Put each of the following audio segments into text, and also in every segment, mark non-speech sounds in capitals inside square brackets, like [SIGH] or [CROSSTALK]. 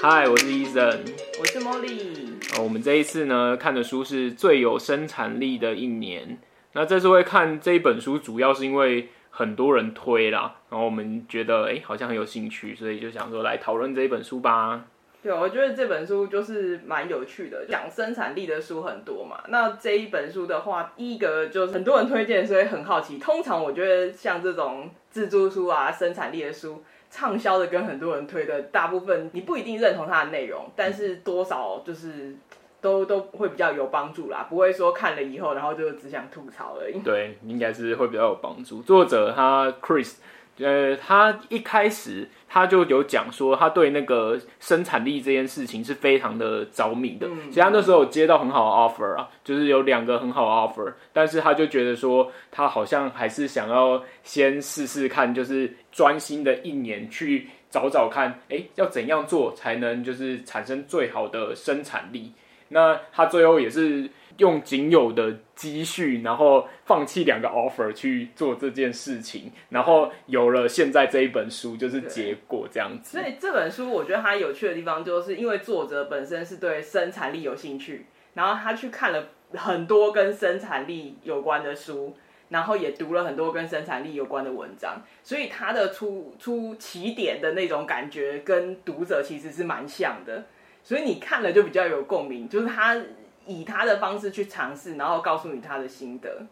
嗨，我是 Eason，我是莫莉。我們這一次呢，看的書是最有生產力的一年。那這次會看這一本書，主要是因為很多人推啦，然後我們覺得哎、欸、好像很有興趣，所以就想說來討論這一本書吧。對，我覺得這本書就是蠻有趣的，講生產力的書很多嘛。那這一本書的話，一個就是很多人推薦，所以很好奇。通常我覺得像這種自助書啊，生產力的書，暢銷的跟很多人推的，大部分你不一定認同他的內容，但是多少就是都都會比較有幫助啦，不會說看了以後然後就只想吐槽而已。對，應該是會比較有幫助。作者他 Chris。呃，他一開始他就有講說，他對那個生產力這件事情是非常的着迷的。嗯，其實他那時候接到很好的 offer 啊，就是有兩個很好的 offer，但是他就覺得說，他好像還是想要先試試看，就是專心的一年去找找看，誒、欸，要怎樣做才能就是產生最好的生產力。那他最後也是用僅有的積蓄，然後放棄兩個 offer 去做這件事情，然後有了現在這一本書，就是結果這樣子。所以這本書我覺得它有趣的地方，就是因為作者本身是對生產力有興趣，然後他去看了很多跟生產力有關的書，然後也讀了很多跟生產力有關的文章，所以他的出出起點的那種感覺跟讀者其實是蠻像的。所以你看了就比較有共鳴，就是他以他的方式去嘗試，然後告訴你他的心得。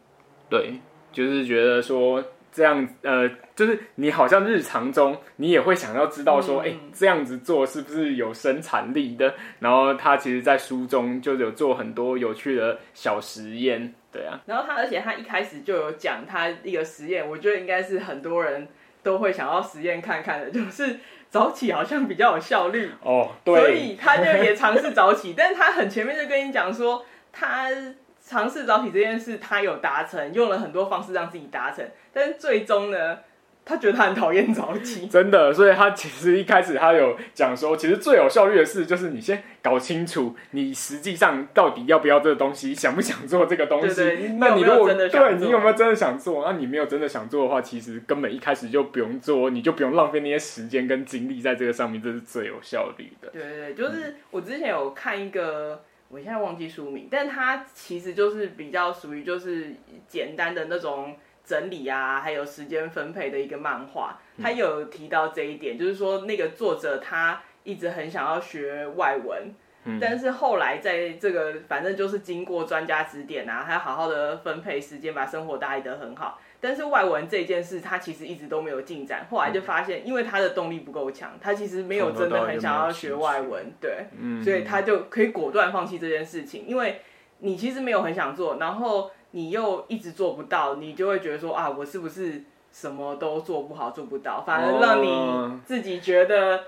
對，就是覺得說這樣，呃，就是你好像日常中你也會想要知道說，哎，嗯，欸，這樣子做是不是有生產力的？然後他其實，在書中就有做很多有趣的小實驗，對啊。然後他，而且他一開始就有講他一個實驗，我覺得應該是很多人。都會想要實驗看看的，就是早起好像比較有效率哦，oh，所以他就也嘗試早起， [LAUGHS] 但是他很前面就跟你講說，他嘗試早起這件事，他有達成，用了很多方式讓自己達成，但是最終呢？他覺得他很討厭早起， [LAUGHS] 真的。所以他其實一開始他有講說，其實最有效率的事就是你先搞清楚你實際上到底要不要這個東西，想不想做這個東西。對對對，那你如果 [LAUGHS] 對，你有沒有真的想做？那、 [LAUGHS] 啊、你沒有真的想做的話，其實根本一開始就不用做，你就不用浪費那些時間跟精力在這個上面，這是最有效率的。對對，對，就是我之前有看一個，嗯、我現在忘記書名，但他其實就是比較屬於就是簡單的那種。整理啊，還有時間分配的一個漫畫，他有提到這一點、嗯，就是說那個作者他一直很想要學外文，嗯、但是後來在這個反正就是經過專家指點啊，他好好的分配時間，把生活打理得很好。但是外文這件事他其實一直都沒有進展、嗯，後來就發現，因為他的動力不夠強，他其實沒有真的很想要學外文，對，嗯嗯、所以他就可以果斷放棄這件事情，因為你其實沒有很想做，然後。你又一直做不到，你就會覺得說啊，我是不是什麼都做不好，做不到，反而讓你自己覺得、哦、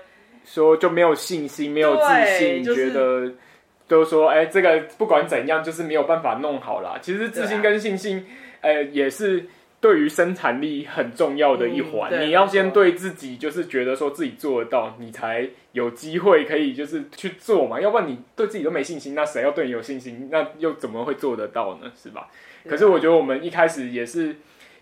說就沒有信心，沒有自信，就是、覺得都說哎、欸，這個不管怎樣，就是沒有辦法弄好了。其實自信跟信心，啊、呃，也是對於生產力很重要的一環、嗯。你要先對自己就是覺得說自己做得到，你才有機會可以就是去做嘛。要不然你對自己都沒信心，那誰要對你有信心？那又怎麼會做得到呢？是吧？可是我覺得我們一開始也是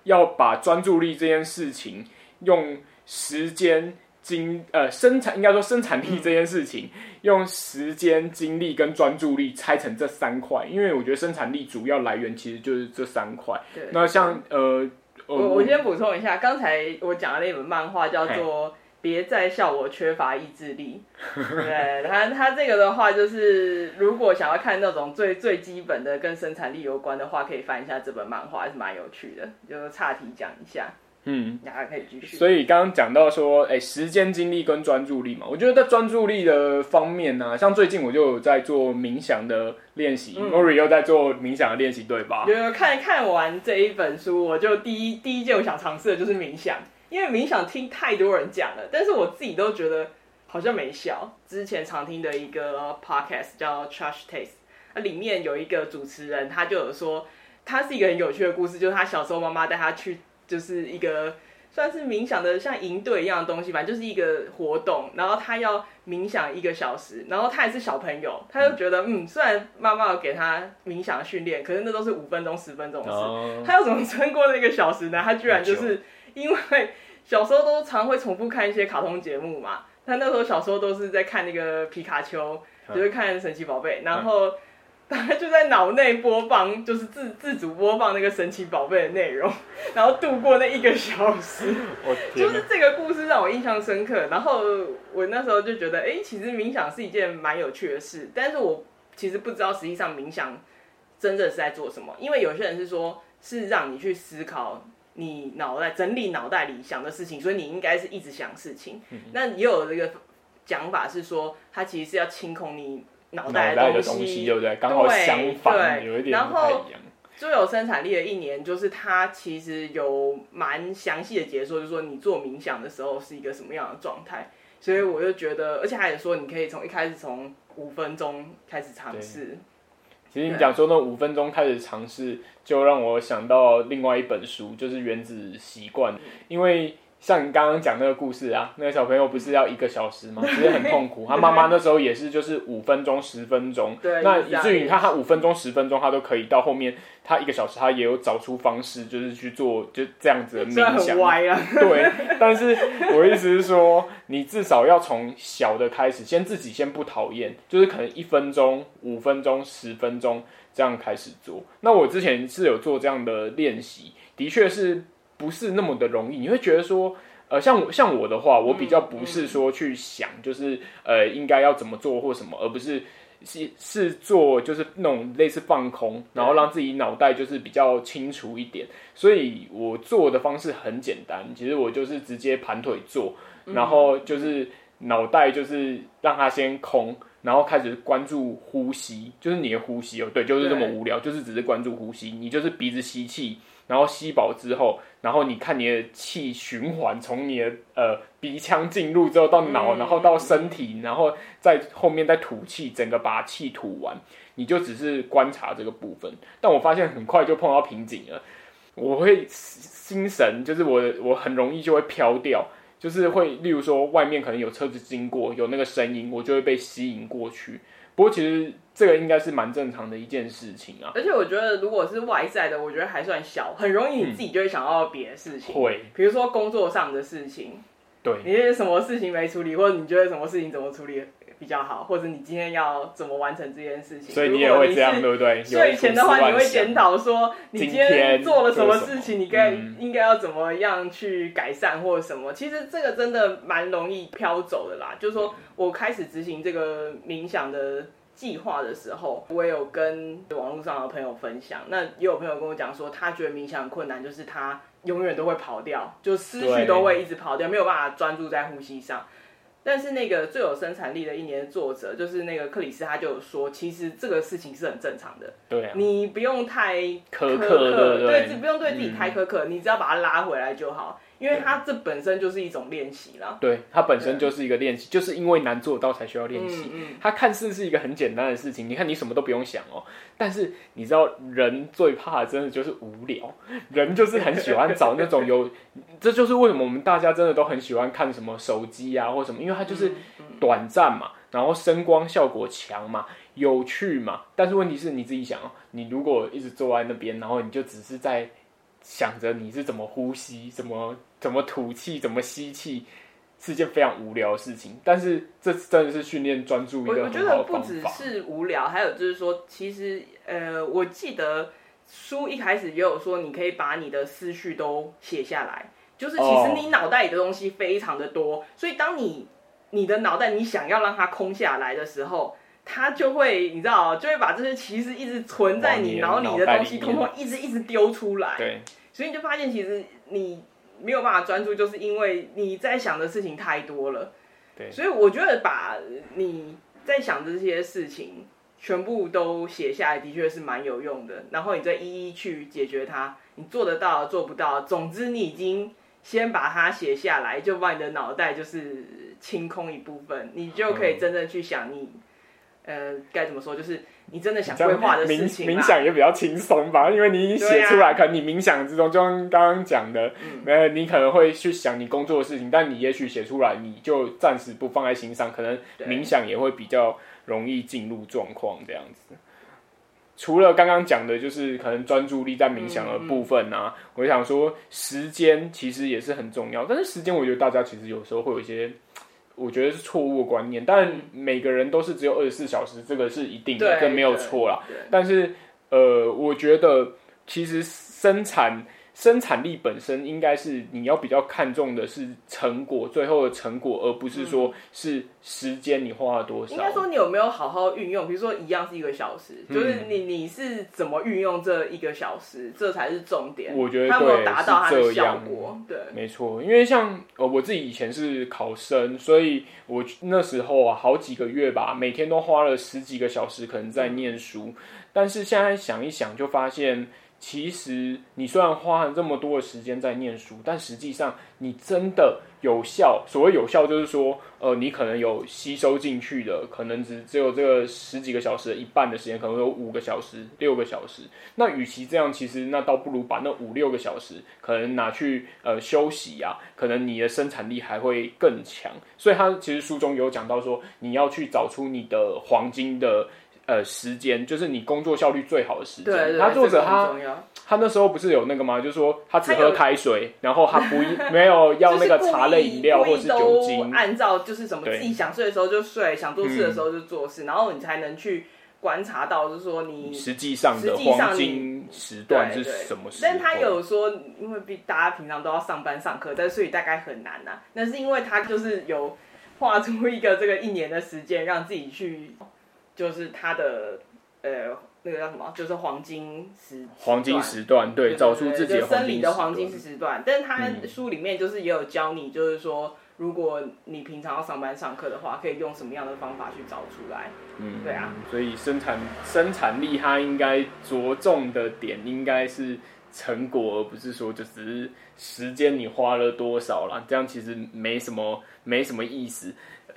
要把專注力這件事情用時間精呃生產應該說生產力這件事情用時間精力跟專注力拆成這三塊，因為我覺得生產力主要來源其實就是這三塊。那像呃，呃，我我先補充一下，剛才我講的那本漫畫叫做嘿嘿別再笑我缺乏意志力。對，他他這個的話，就是如果想要看那種最最基本的跟生產力有關的話，可以翻一下這本漫畫，是蠻有趣的。就是岔題講一下，嗯，大家可以繼續。所以剛剛講到說，哎，時間精力跟專注力嘛，我覺得在專注力的方面呢、啊，像最近我就有在做冥想的練習、嗯、，Mori 又在做冥想的練習，對吧？有看看完這一本書，我就第一第一件我想嘗試的就是冥想。因為冥想聽太多人講了，但是我自己都覺得好像沒效。之前常聽的一個 podcast 叫 Trash Taste，裡面有一個主持人，他就有說，他是一個很有趣的故事，就是他小時候媽媽帶他去，就是一個算是冥想的像營隊一樣的東西吧，反正就是一個活動，然後他要冥想一個小時，然後他還是小朋友，他就覺得，嗯，嗯，雖然媽媽有給他冥想訓練，可是那都是五分鐘、十分鐘的事、嗯，他要怎麼撐過那個小時呢？他居然就是。嗯因為小時候都常會重複看一些卡通節目嘛，他那時候小時候都是在看那個皮卡丘，就是看神奇寶貝、嗯，然後大概就在腦內播放，就是自自主播放那個神奇寶貝的內容，然後度過那一個小時、哦。就是這個故事讓我印象深刻。然後我那時候就覺得，哎、欸，其實冥想是一件蠻有趣的事，但是我其實不知道實際上冥想真正是在做什麼，因為有些人是說，是讓你去思考。你腦袋整理腦袋裡想的事情，所以你應該是一直想事情。嗯、那也有這個講法是說，他其實是要清空你腦袋，腦袋的東西，對不對？剛好相反，有一點不一樣。然後，最有生產力的一年，就是他其實有蠻詳細的解說，就是、說你做冥想的時候是一個什麼樣的狀態。所以我就覺得，嗯、而且還是說，你可以從一開始從五分鐘開始嘗試。其實你講說那五分鐘開始嘗試，就讓我想到另外一本書，就是《原子習慣》，因為。像你剛剛講那個故事啊，那個小朋友不是要一個小時嗎？其實很痛苦。 [LAUGHS] 他媽媽那時候也是，就是五分鐘、十分鐘。對，那以至於你看他五分鐘、十分鐘，他都可以到後面，他一個小時他也有找出方式，就是去做，就這樣子的冥想。很歪啊！對， [LAUGHS] 但是我意思是說，你至少要從小的開始，先自己先不討厭，就是可能一分鐘、五分鐘、十分鐘這樣開始做。那我之前是有做這樣的練習，的確是。不是那麼的容易，你會覺得說，呃，像我像我的話，我比較不是說去想，就是呃，應該要怎麼做或什麼，而不是是是做，就是那種類似放空，然後讓自己腦袋就是比較清楚一點。所以我做的方式很簡單，其實我就是直接盤腿坐，然後就是腦袋就是讓它先空，然後開始關注呼吸，就是你的呼吸哦，對，就是這麼無聊，就是只是關注呼吸，你就是鼻子吸氣，然後吸飽之後。然後你看你的氣循環，從你的呃鼻腔進入之後到腦，然後到身體，然後在後面再吐氣，整個把氣吐完，你就只是觀察這個部分。但我發現很快就碰到瓶頸了，我會心神，就是我我很容易就會飄掉，就是會例如說外面可能有車子經過，有那個聲音，我就會被吸引過去。不過其實。這個應該是蠻正常的一件事情啊，而且我覺得如果是外在的，我覺得還算小，很容易你自己就會想到別的事情。會、嗯，比如說工作上的事情。對。你什麼事情沒處理，或者你覺得什麼事情怎麼處理比較好，或者你今天要怎麼完成這件事情，所以你也，如果你是也會這樣，對不對？睡前的話，你會檢討說你今天做了什麼事情，你應該、嗯、應該要怎麼樣去改善或者什麼。其實這個真的蠻容易飄走的啦，就是說我開始執行這個冥想的計劃的時候，我也有跟網絡上的朋友分享。那也有朋友跟我講說，他覺得冥想很困難，就是他永遠都會跑掉，就思緒都會一直跑掉，對啊，沒有辦法專注在呼吸上。但是那個最有生產力的一年的作者，就是那個克里斯，他就說，其實這個事情是很正常的。對啊，你不用太苛刻，對，對、嗯，不用對自己太苛刻，你只要把它拉回來就好。因為它這本身就是一種練習啦，對，它本身就是一個練習，就是因為難做到才需要練習，嗯嗯。它看似是一個很簡單的事情，你看你什麼都不用想哦，但是你知道人最怕的真的就是無聊，人就是很喜歡找那種有， [LAUGHS] 這就是為什麼我們大家真的都很喜歡看什麼手機啊或什麼，因為它就是短暫嘛，嗯嗯，然後聲光效果強嘛，有趣嘛。但是問題是你自己想哦，你如果一直坐在那邊，然後你就只是在。想着你是怎麼呼吸，怎麼怎麼吐氣，怎麼吸氣，是件非常無聊的事情。但是這真的是訓練專注一個很好的方法。我，我覺得不只是無聊，還有就是說，其實呃，我記得書一開始也有說，你可以把你的思緒都寫下來。就是其實你腦袋裡的東西非常的多，所以當你你的腦袋你想要讓它空下來的時候。他就會，你知道，就會把這些其實一直存在你腦裡的東西，通通一直一直丟出來。對。所以你就發現，其實你沒有辦法專注，就是因為你在想的事情太多了。對。所以我覺得，把你在想的這些事情全部都寫下來，的確是蠻有用的。然後你再一一去解決它，你做得到，做不到，總之你已經先把它寫下來，就把你的腦袋就是清空一部分，你就可以真正去想你。嗯呃，該怎麼說？就是你真的想規劃的事情，冥冥想也比較輕鬆吧，因為你寫出來，啊，可能你冥想之中，就像剛剛講的，呃、嗯，你可能會去想你工作的事情，但你也許寫出來，你就暫時不放在心上，可能冥想也會比較容易進入狀況這樣子。除了剛剛講的，就是可能專注力在冥想的部分啊，嗯嗯，我想說時間其實也是很重要，但是時間，我覺得大家其實有時候會有一些。我覺得是錯誤的觀念，但每個人都是只有二十四小時，嗯，這個是一定的，這沒有錯啦。但是，呃，我覺得其實生產。生產力本身應該是你要比較看重的是成果，最後的成果，而不是說是時間你花了多少。嗯、應該說你有沒有好好運用？比如說一樣是一個小時，嗯、就是你你是怎麼運用這一個小時，這才是重點。我覺得他會達到他的效果。啊、對，沒錯。因為像呃我自己以前是考生，所以我那時候啊好幾個月吧，每天都花了十幾個小時可能在念書，嗯、但是現在想一想就發現。其實，你雖然花了這麼多的時間在念書，但實際上你真的有效？所謂有效，就是說，呃，你可能有吸收進去的，可能只只有這個十幾個小時的一半的時間，可能有五個小時、六個小時。那與其這樣，其實那倒不如把那五六個小時可能拿去呃休息呀啊，可能你的生產力還會更強。所以他其實書中有講到說，你要去找出你的黃金的。呃，時間就是你工作效率最好的時間對對對。他作者、這個、很重要他他那時候不是有那個嗎？就是說他只喝開水，然後他不 [LAUGHS] 沒有要那個茶類飲料或是酒精。按照就是什麼自己想睡的時候就睡，想做事的時候就做事，嗯、然後你才能去觀察到，就是說你實際上的，實際上的黃金時段是什麼時間。但他有說，因為比大家平常都要上班上課，但是所以大概很難啊。那是因為他就是有畫出一個這個一年的時間，讓自己去。就是他的呃，那個叫什麼？就是黃金時黃金時段，對，找出自己生理的黃金時段。但是他的書裡面就是也有教你，就是說，嗯，如果你平常要上班上課的話，可以用什麼樣的方法去找出來？嗯，對啊。所以生產生產力，它應該着重的點應該是成果，而不是說就只是時間你花了多少啦，這樣其實沒什麼沒什麼意思。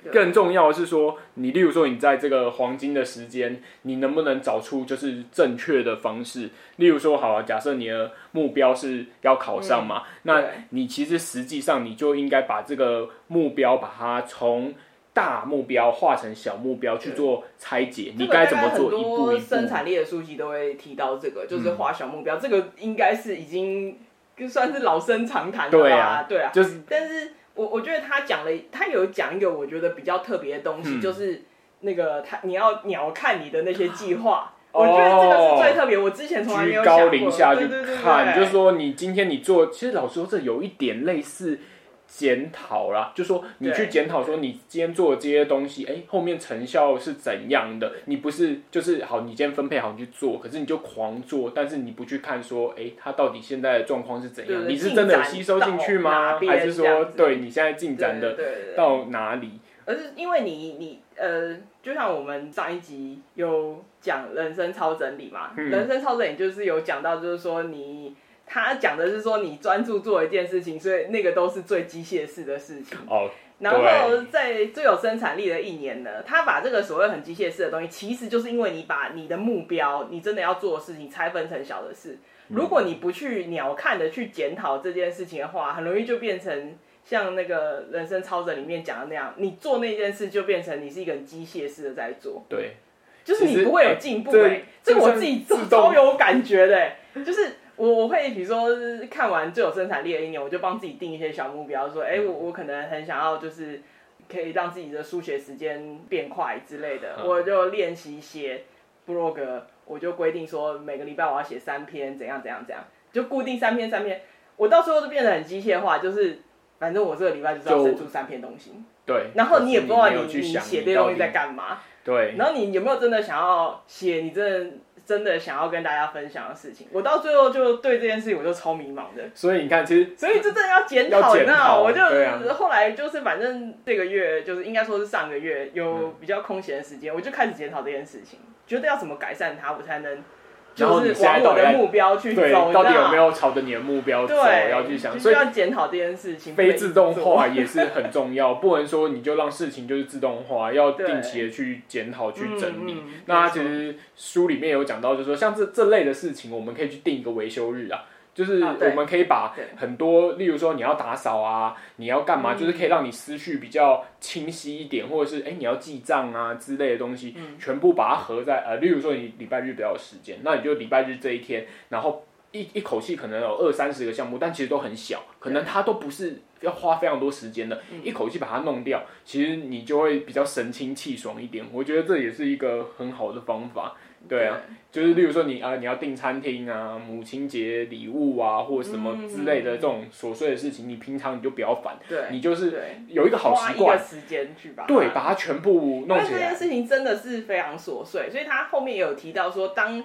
更重要的是說，你例如說，你在這個黃金的時間，你能不能找出就是正確的方式？例如說，好啊，假設你的目標是要考上嘛，嗯、那你其實實際上你就應該把這個目標把它從大目標化成小目標去做拆解，你該怎麼做？一步，一步，很多生產力的書籍都會提到這個，就是劃小目標，嗯、這個應該是已經就算是老生常談了。對啊，對啊，就是，但是。我我覺得他講了，他有講一個我覺得比較特別的東西，嗯、就是那個他你要你要看你的那些計劃，哦，我覺得這個是最特別。我之前從來沒有想過居高臨下，去看，看，就是說你今天你做，其實老實說這有一點類似。檢討啦，就說你去檢討，說你今天做的這些東西，哎，後面成效是怎樣的？你不是就是好，你今天分配好你去做，可是你就狂做，但是你不去看說，哎，他到底現在的狀況是怎樣？你是真的有吸收進去嗎？還是說，對你現在進展的到哪裡？對對對，而是因為你你呃，就像我們上一集有講人生超整理嘛、嗯，人生超整理就是有講到，就是說你。他講的是說，你專注做一件事情，所以那個都是最機械式的事情。哦、oh，然後在最有生產力的一年呢，他把這個所謂很機械式的東西，其實就是因為你把你的目標，你真的要做的事情拆分成小的事。如果你不去鳥瞰的去檢討這件事情的話，很容易就變成像那個人生超整理裡面講的那樣，你做那件事就變成你是一個很機械式的在做。對，就是你不會有進步、欸。哎、欸，這我自己都有感覺的、欸，就是。我我會比如說看完最有生產力的一年，我就幫自己定一些小目標，就是、說，哎、欸，我我可能很想要就是可以讓自己的書寫時間變快之類的，嗯、我就練習寫 blog 我就規定說每個禮拜我要寫三篇，怎樣怎樣怎樣，就固定三篇三篇，我到時候就變得很機械化，就是反正我這個禮拜就是要寫出三篇東西，對，然後你也不知道你你寫這些東西在幹嘛。對，然後你有沒有真的想要寫？你真的真的想要跟大家分享的事情？我到最後就對這件事情，我就超迷茫的。所以你看，其實所以這真的要檢討，你知道？我就、啊、後來就是，反正這個月就是應該說是上個月有比較空閒的時間、嗯，我就開始檢討這件事情，覺得要怎麼改善它，我才能。然後你現在到底就是往我的目標去走，對，到底有沒有朝着你的目標走？要去想，所以要檢討這件事情。非自動化也是很重要， [LAUGHS] 很重要，不能說你就讓事情就是自動化，要定期的去檢討、去整理、嗯嗯。那其實書裡面有講到就是，就說像這這類的事情，我們可以去定一個維修日啊。就是我們可以把很多，啊、例如說你要打掃啊，你要幹嘛、嗯，就是可以讓你思緒比較清晰一點，或者是誒、欸，你要記賬啊之類的東西、嗯，全部把它合在呃，例如說你禮拜日比較有時間，那你就禮拜日這一天，然後一一口氣可能有二三十個項目，但其實都很小，可能它都不是要花非常多時間的，一口氣把它弄掉，其實你就會比較神清氣爽一點，我覺得這也是一個很好的方法。對啊對，就是例如說你啊、呃，你要訂餐廳啊、嗯，母親節禮物啊，或什麼之類的這種瑣碎的事情，嗯、你平常你就不要煩對，你就是有一個好習慣，花一個時間去吧，對，把它全部弄起來。但這件事情真的是非常瑣碎，所以他後面也有提到說，當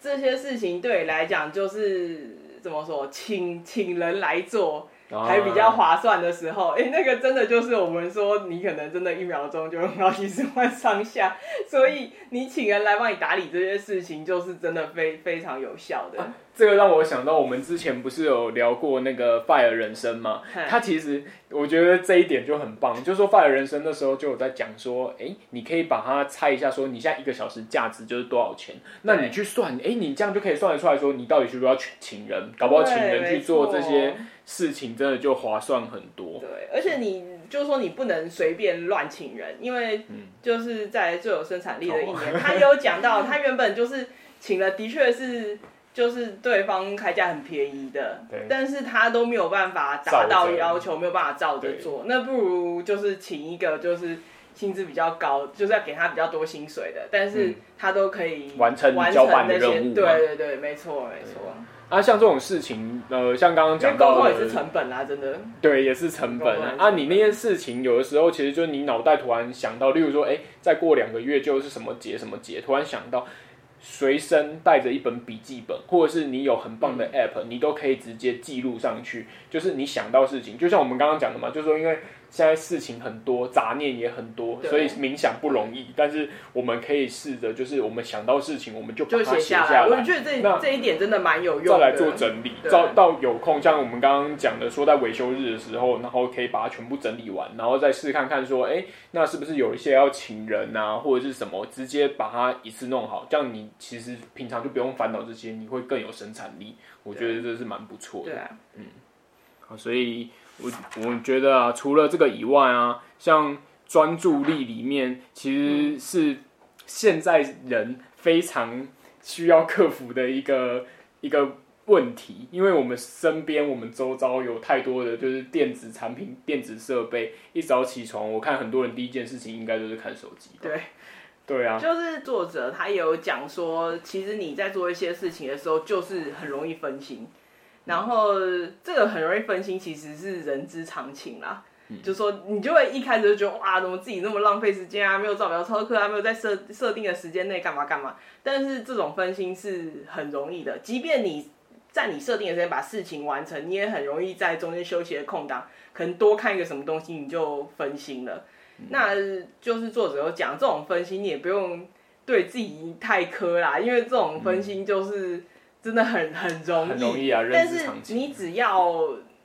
這些事情對你來講就是怎麼說，請請人來做。還比較划算的時候，哎、欸，那個真的就是我們說，你可能真的一秒鐘就用到幾十萬上下，所以你請人來幫你打理這些事情，就是真的非非常有效的。啊這個讓我想到，我們之前不是有聊過那個《fire 人生》嗎？他其實我覺得這一點就很棒，就是說《fire 人生》那時候就有在講說，哎，你可以把它猜一下，說你現在一個小時價值就是多少錢？那你去算，哎，你這樣就可以算得出來，說你到底需不需要去請人，搞不好請人去做這些事情，真的就划算很多。對，對而且你、嗯、就說你不能隨便亂請人，因為就是在最有生產力的一年、嗯，他也有講到，他原本就是請了，的確是。就是對方開價很便宜的，但是他都沒有辦法達到要求，沒有辦法照着做，那不如就是請一個，就是薪資比較高，就是要給他比較多薪水的，嗯、但是他都可以完成，完成這些交辦那些。對對對，沒錯沒錯。啊，像這種事情，呃，像剛剛講到，工作也是成本啊，真的。對，也是成本啊。啊，你那件事情，有的時候其實就是你腦袋突然想到，例如說，哎、欸，再過兩個月就是什麼節什麼節，突然想到。隨身帶着一本筆記本，或者是你有很棒的 App，、嗯、你都可以直接記錄上去。就是你想到事情，就像我們剛剛講的嘛，就是說，因為現在事情很多，雜念也很多，所以冥想不容易。但是我們可以試着，就是我們想到事情，我們就把它寫下，下來。我覺得這這一點真的蠻有用的。再來做整理，到、啊啊、到有空，像我們剛剛講的，說在維修日的時候，然後可以把它全部整理完，然後再試看看說，哎、欸，那是不是有一些要請人啊，或者是什麼，直接把它一次弄好，這樣你。其實平常就不用煩惱這些，你會更有生產力。我覺得這是蠻不錯的。對啊。嗯，好，所以我我覺得啊，除了這個以外啊，像專注力裡面，其實是現在人非常需要克服的一個一個問題，因為我們身邊、我們周遭有太多的就是電子產品、電子設備。一早起床，我看很多人第一件事情應該就是看手機。對。啊對啊，就是作者他也有講說，其實你在做一些事情的時候，就是很容易分心，然後這個很容易分心，其實是人之常情啦，嗯。就說你就會一開始就覺得哇，怎麼自己那麼浪費時間啊？沒有照表操課啊？沒有在設設定的時間內幹嘛幹嘛？但是這種分心是很容易的，即便你在你設定的時間把事情完成，你也很容易在中間休息的空檔，可能多看一個什麼東西，你就分心了。那就是作者有講，這種分心你也不用對自己太苛啦，因為這種分心就是真的很很容易，很容易啊、認真的。但是你只要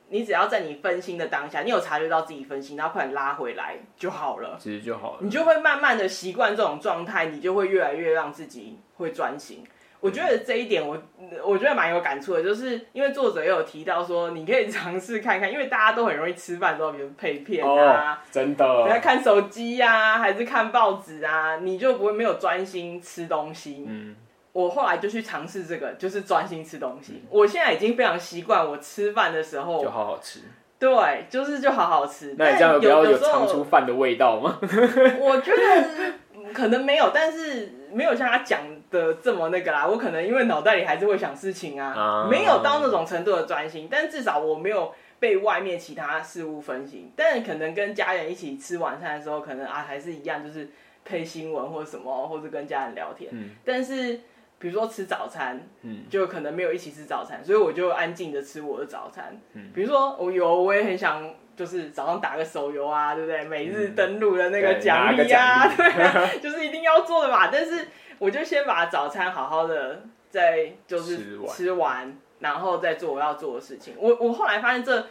你只要在你分心的當下，你有察覺到自己分心，然後快點拉回來就好了，其實就好了，你就會慢慢的習慣這種狀態，你就會越來越讓自己會專心。我覺得這一點我，我我覺得蠻有感觸的，就是因為作者也有提到說，你可以嘗試看看，因為大家都很容易吃飯的時候配片啊，哦、真的。在看手機呀，、啊，還是看報紙啊，你就不會沒有專心吃東西。嗯，我後來就去嘗試這個，就是專心吃東西、嗯。我現在已經非常習慣，我吃飯的時候就好好吃。對，就是就好好吃。那你這樣不要有嘗出飯的味道嗎？ [LAUGHS] 我覺得可能沒有，但是沒有像他講的。的這麼那個啦，我可能因為腦袋裡還是會想事情啊，沒有到那種程度的專心，但至少我沒有被外面其他事物分心。但可能跟家人一起吃晚餐的時候，可能啊還是一樣，就是配新聞或什麼，或者跟家人聊天。嗯。但是比如說吃早餐，嗯，就可能沒有一起吃早餐，所以我就安靜的吃我的早餐。嗯。比如說我有、哦，我也很想就是早上打個手遊啊，對不對？每日登錄的那個獎勵啊，、嗯、啊，對，對啊，就是一定要做的嘛。 [LAUGHS] 但是。我就先把早餐好好的在就是吃完，吃完，然後再做我要做的事情。我我後來發現這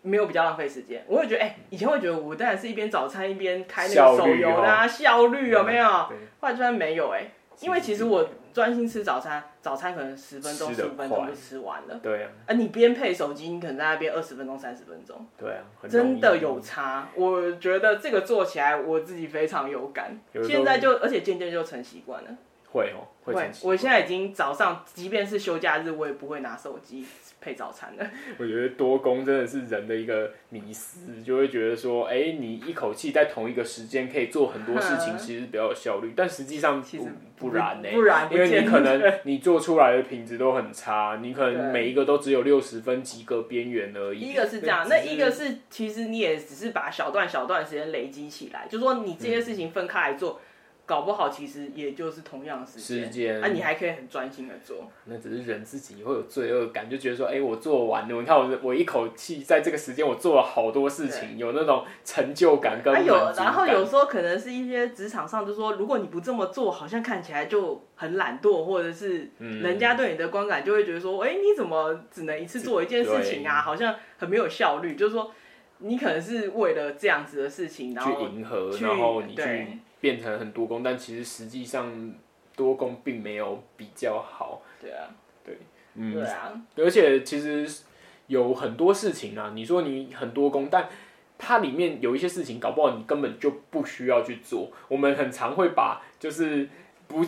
沒有比較浪費時間。我會覺得哎、欸，以前會覺得我當然是一邊早餐一邊開那個手遊啦、啊效率，哦、效率有沒有？後來居然沒有哎、欸，因為其實我專心吃早餐，早餐可能十分鐘十五分鐘就吃完了。對啊，啊你邊配手機，你可能在那邊二十分鐘三十分鐘。對啊，真的有差。我覺得這個做起來我自己非常有感，有現在就而且漸漸就成習慣了。會哦會，會。我現在已經早上，即便是休假日，我也不會拿手機配早餐了。我覺得多工真的是人的一個迷思，就會覺得說，哎、欸，你一口氣在同一個時間可以做很多事情，其實比較有效率，但實際上其實不不然呢。不然、欸，不然不因為你可能你做出來的品質都很差， [LAUGHS] 你可能每一個都只有六十分及格邊緣而已。一個是這樣，那一個是其實你也只是把小段小段的時間累積起來，就是說你這些事情分開來做。嗯搞不好其實也就是同樣時間。時間，啊，你還可以很專心的做。那只是人自己會有罪惡感，就覺得說，哎、欸，我做完了，你看我我一口氣在這個時間我做了好多事情，有那種成就感跟滿、啊、有，然後有時候可能是一些職場上，就說如果你不這麼做，好像看起來就很懶惰，或者是，嗯，人家對你的觀感就會覺得說，哎、欸，你怎麼只能一次做一件事情啊？好像很沒有效率。就是說，你可能是為了這樣子的事情，然後去迎合，然後你去。變成很多工，但其實實際上多工並沒有比較好。對啊，對，嗯，對啊。而且其實有很多事情啊，你說你很多工，但它裡面有一些事情搞不好你根本就不需要去做。我們很常會把就是不。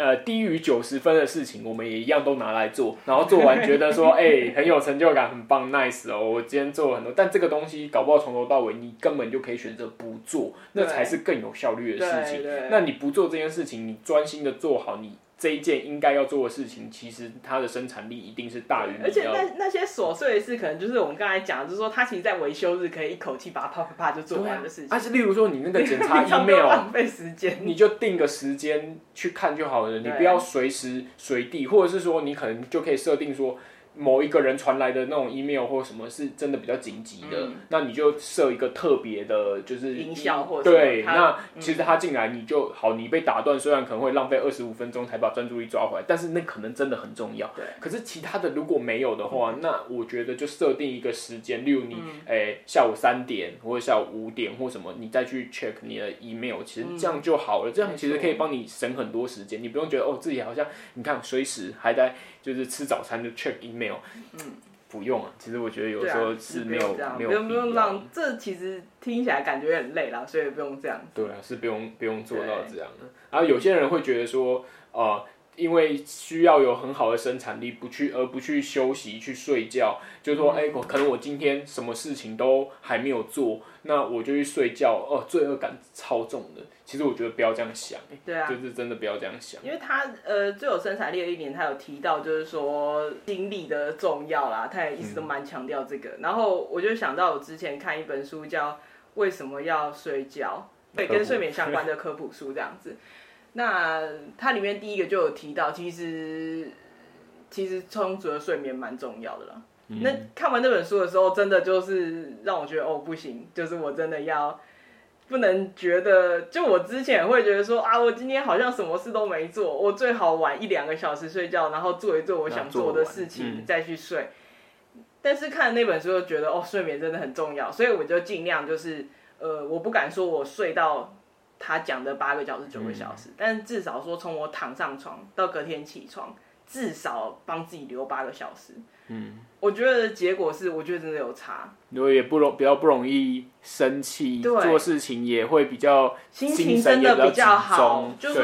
呃，低於九十分的事情，我們也一樣都拿來做，然後做完覺得說，哎、 [LAUGHS] 欸，很有成就感，很棒 [LAUGHS] ，nice 哦！我今天做了很多，但這個東西搞不好從頭到尾，你根本就可以選擇不做，那才是更有效率的事情。對對對，那你不做這件事情，你專心的做好你，這一件應該要做的事情，其實它的生產力一定是大於。而且那那些瑣碎的事，可能就是我們剛才講，就是說他其實，在維修日可以一口氣把它啪啪啪就做完的事情。它、啊啊、是例如說你那個檢查 email， [LAUGHS] 沒有浪費時間，你就定個時間去看就好了，你不要隨時隨地、啊，或者是說你可能就可以設定說。某一個人傳來的那種 email 或什麼，是真的比較緊急的、嗯，那你就設一個特別的，就是音效或什麼對，那其實他進來你就、嗯、好，你被打斷，雖然可能會浪費二十五分鐘才把專注力抓回來，但是那可能真的很重要。對，可是其他的如果沒有的話，嗯、那我覺得就設定一個時間，例如你哎、嗯欸、下午三點或者下午五點或什麼，你再去 check 你的 email、嗯、其實這樣就好了，這樣其實可以幫你省很多時間，你不用覺得哦自己好像你看隨時還在。就是吃早餐就 check email，嗯，不用啊。其實我覺得有時候是沒有沒有不用這沒有不用這，這其實聽起來感覺很累啦，所以不用這樣子。對啊，是不用不用做到這樣的。然後、啊、有些人會覺得說，哦、呃。因為需要有很好的生產力，不去而不去休息去睡覺，就是說哎，我、嗯欸、可能我今天什麼事情都還沒有做，那我就去睡覺，哦、呃，罪惡感超重的。其實我覺得不要這樣想，對啊、就是真的不要這樣想。因為他呃最有生產力的一年，他有提到就是說精力的重要啦，他也一直都蠻強調這個、嗯。然後我就想到我之前看一本書叫《為什麼要睡覺》，對，跟睡眠相關的科普書這樣子。 [LAUGHS] 那它裡面第一個就有提到，其實其實充足的睡眠蠻重要的了、嗯。那看完那本書的時候，真的就是讓我覺得哦，不行，就是我真的要不能覺得，就我之前會覺得說啊，我今天好像什麼事都沒做，我最好晚一兩個小時睡覺，然後做一做我想做的事情、嗯、再去睡。但是看了那本書就覺得哦，睡眠真的很重要，所以我就儘量就是呃，我不敢說我睡到。他講的八個，個小時、九個小時，但至少說從我躺上床到隔天起床，至少幫自己留八個小時。嗯，我覺得結果是，我覺得真的有差。我也不容比較不容易生氣，做事情也會比較，心情，比較心情真的比較好。就說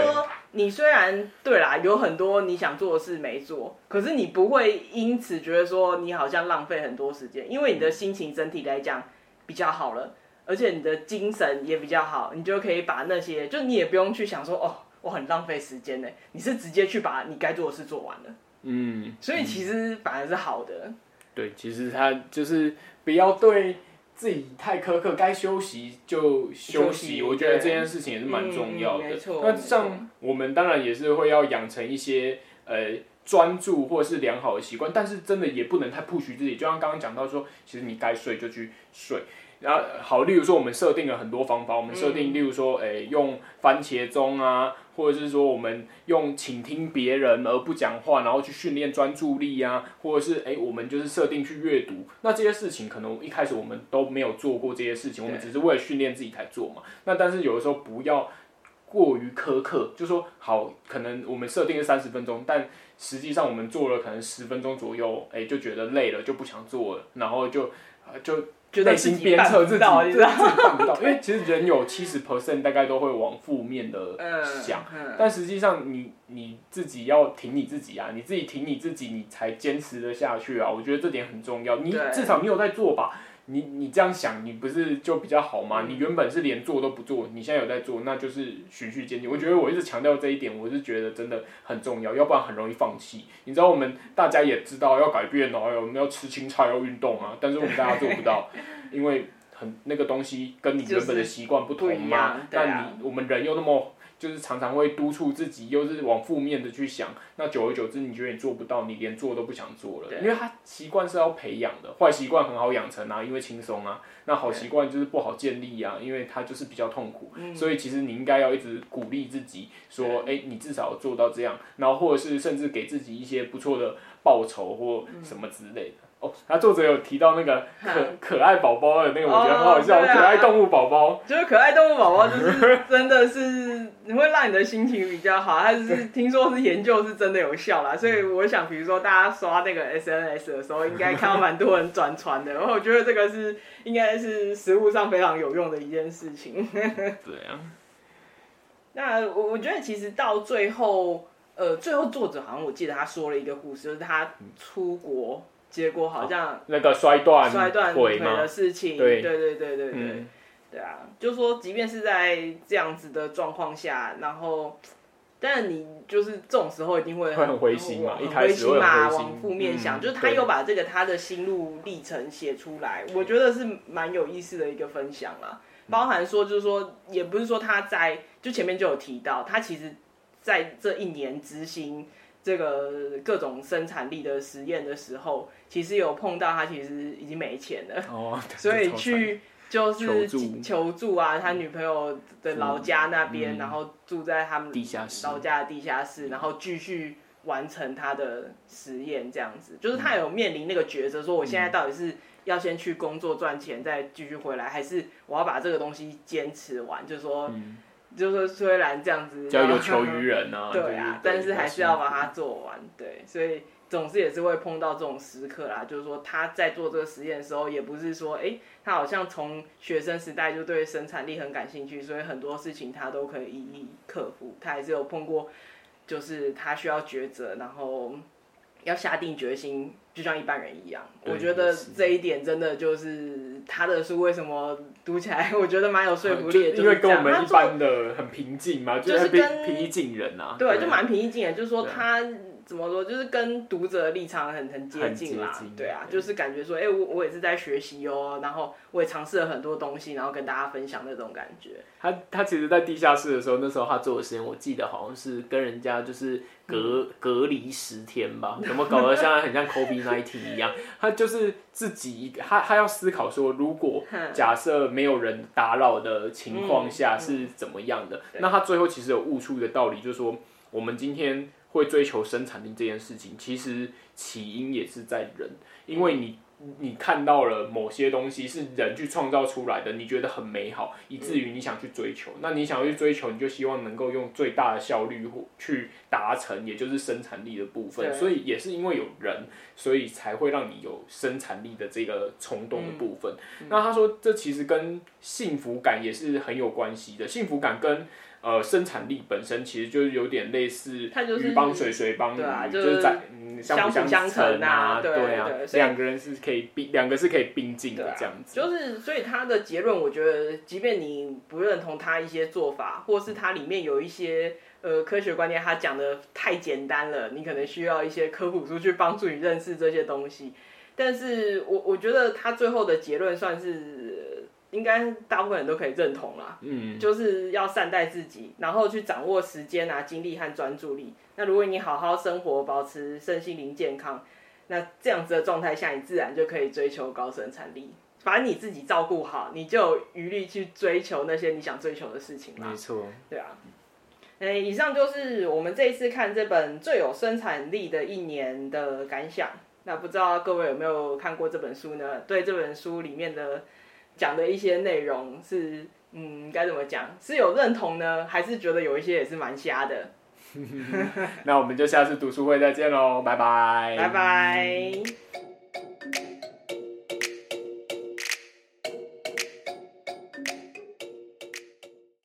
你雖然對啦，有很多你想做的事沒做，可是你不會因此覺得說你好像浪費很多時間，因為你的心情整體來講、嗯、比較好了。而且你的精神也比較好，你就可以把那些，就你也不用去想說，哦，我很浪費時間呢。你是直接去把你該做的事做完了。嗯，嗯，所以其實反而是好的。對，其實他就是不要對自己太苛刻，該休息就休息，休息。我覺得這件事情也是蠻重要的。那、嗯嗯、沒錯、像我們當然也是會要養成一些，呃。專注或是良好的習慣，但是真的也不能太不許自己。就像剛剛講到說，其實你該睡就去睡。然後、啊、好，例如說我們設定了很多方法，我們設定、嗯，例如說，誒、欸、用番茄鐘啊，或者是說我們用傾聽別人而不講話，然後去訓練專注力啊，或者是誒、欸、我們就是設定去閱讀。那這些事情可能一開始我們都沒有做過這些事情，我們只是為了訓練自己才做嘛。那但是有的時候不要。過於苛刻。就說好，可能我們設定是三十分鐘，但實際上我們做了可能十分鐘左右，哎、欸，就覺得累了，就不想做了，然後就、呃、就就內心鞭策自己，自己辦自己知道自己辦不到 [LAUGHS] 因為其實人有七十 percent 大概都會往負面的想，嗯嗯、但實際上你你自己要挺你自己啊，你自己挺你自己，你才堅持得下去啊。我覺得這點很重要，你至少你有在做吧。你你這樣想，你不是就比較好嗎？你原本是連做都不做，你現在有在做，那就是循序漸進。我覺得我一直強調這一點，我是覺得真的很重要，要不然很容易放棄。你知道我們大家也知道要改變哦、喔，我們要吃青菜，要運動啊，但是我們大家做不到， [LAUGHS] 因為很那個東西跟你原本的習慣不同嘛。但、就是啊、你我們人又那麼。就是常常會督促自己，又是往負面的去想，那久而久之，你覺得你做不到，你連做都不想做了。對。因為他習慣是要培養的，壞習慣很好養成啊，因為輕鬆啊。那好習慣就是不好建立啊，因為他就是比較痛苦。所以其實你應該要一直鼓勵自己，說：“欸，你至少做到這樣。”然後或者是甚至給自己一些不錯的報酬或什麼之類的。哦、他作者有提到那個可可，可愛寶寶的那個，我覺得很好笑。對啊，可愛動物寶寶。就是可愛動物寶寶就是真的是會讓你的心情比較好，它是聽說是研究是真的有效啦，所以我想，比如說大家刷那個 S N S 的時候，應該看到蠻多人轉傳的，然 [LAUGHS] 後我覺得這個是應該是實務上非常有用的一件事情。對 [LAUGHS] 啊。那我我覺得其實到最後，呃，最後作者好像我記得他說了一個故事，就是他出國。結果好像那個摔斷摔斷腿的事情對，對對對對對對、嗯，對啊，就是說，即便是在這樣子的狀況下，然後，但你就是這種時候一定會很，會很，灰心會很灰心嘛，一開始會灰心嘛，往負面想、嗯，就是他又把這個他的心路歷程寫出來，嗯、我覺得是蠻有意思的一個分享啊、嗯。包含說就是說，也不是說他在就前面就有提到，他其實，在這一年執行。這個各種生產力的實驗的時候，其實有碰到他，其實已經沒錢了，哦，所以去就是求助啊，他女朋友的老家那邊，嗯嗯，然後住在他們老家的地下室，嗯，然後繼續完成他的實驗，這樣子，嗯，就是他有面臨那個抉擇，說我現在到底是要先去工作賺錢，再繼續回來，還是我要把這個東西堅持完，就是說。嗯就是雖然這樣子，比較有求於人啊，呵呵對啊對，但是還是要把它做完對，對，所以總是也是會碰到這種時刻啦。就是說他在做這個實驗的時候，也不是說，誒，他好像從學生時代就對生產力很感興趣，所以很多事情他都可以一一克服。他還是有碰過，就是他需要抉擇，然後要下定決心。就像一般人一樣，我覺得這一點真的就是他的書為什麼讀起來，我覺得蠻有說服力，就，就是因為跟我們一般的很平靜嘛，就是跟、就是、平，平，平易近人啊。對，對，就蠻平易近人。就是說他怎麼說，就是跟讀者的立場很很接近啦，近對啊對，就是感覺說，哎、欸，我我也是在學習哦，然後我也嘗試了很多東西，然後跟大家分享那種感覺。他他其實，在地下室的時候，那時候他做的實驗，我記得好像是跟人家就是。隔隔離十天吧，怎麼搞得現在很像 COVID-19 一樣？ [LAUGHS] 他就是自己，他他要思考說，如果假設沒有人打擾的情況下是怎麼樣的、嗯嗯？那他最後其實有悟出一個道理，就是說，我們今天會追求生產力這件事情，其實起因也是在人，因為你。嗯你看到了某些東西是人去創造出來的，你覺得很美好，以至於你想去追求、嗯。那你想要去追求，你就希望能夠用最大的效率或去達成，也就是生產力的部分。所以也是因為有人，所以才會讓你有生產力的這個衝動的部分。嗯、那他說，這其實跟幸福感也是很有關係的，幸福感跟。呃，生產力本身其實就有點類似、就是、魚幫水水幫，就是在、嗯、相輔相、啊、相輔相成啊，對、啊、兩個人是可以並兩個是可以並進的這樣子。就是，所以他的結論，我覺得，即便你不認同他一些做法，或是他裡面有一些呃科學觀念，他講的太簡單了，你可能需要一些科普書去幫助你認識這些東西。但是我我覺得他最後的結論算是。應該大部分人都可以認同啦，嗯，就是要善待自己，然後去掌握時間啊、精力和專注力。那如果你好好生活，保持身心靈健康，那這樣子的狀態下，你自然就可以追求高生產力。把你自己照顧好，你就有餘力去追求那些你想追求的事情啦。沒錯，對啊。欸，以上就是我們這一次看這本《最有生產力的一年》的感想。那不知道各位有沒有看過這本書呢？對這本書裡面的。講的一些內容是，嗯，該怎麼講？是有認同呢，還是覺得有一些也是蠻瞎的？ [LAUGHS] [LAUGHS] [LAUGHS] 那我們就下次讀書會再見嘍，拜拜！拜拜。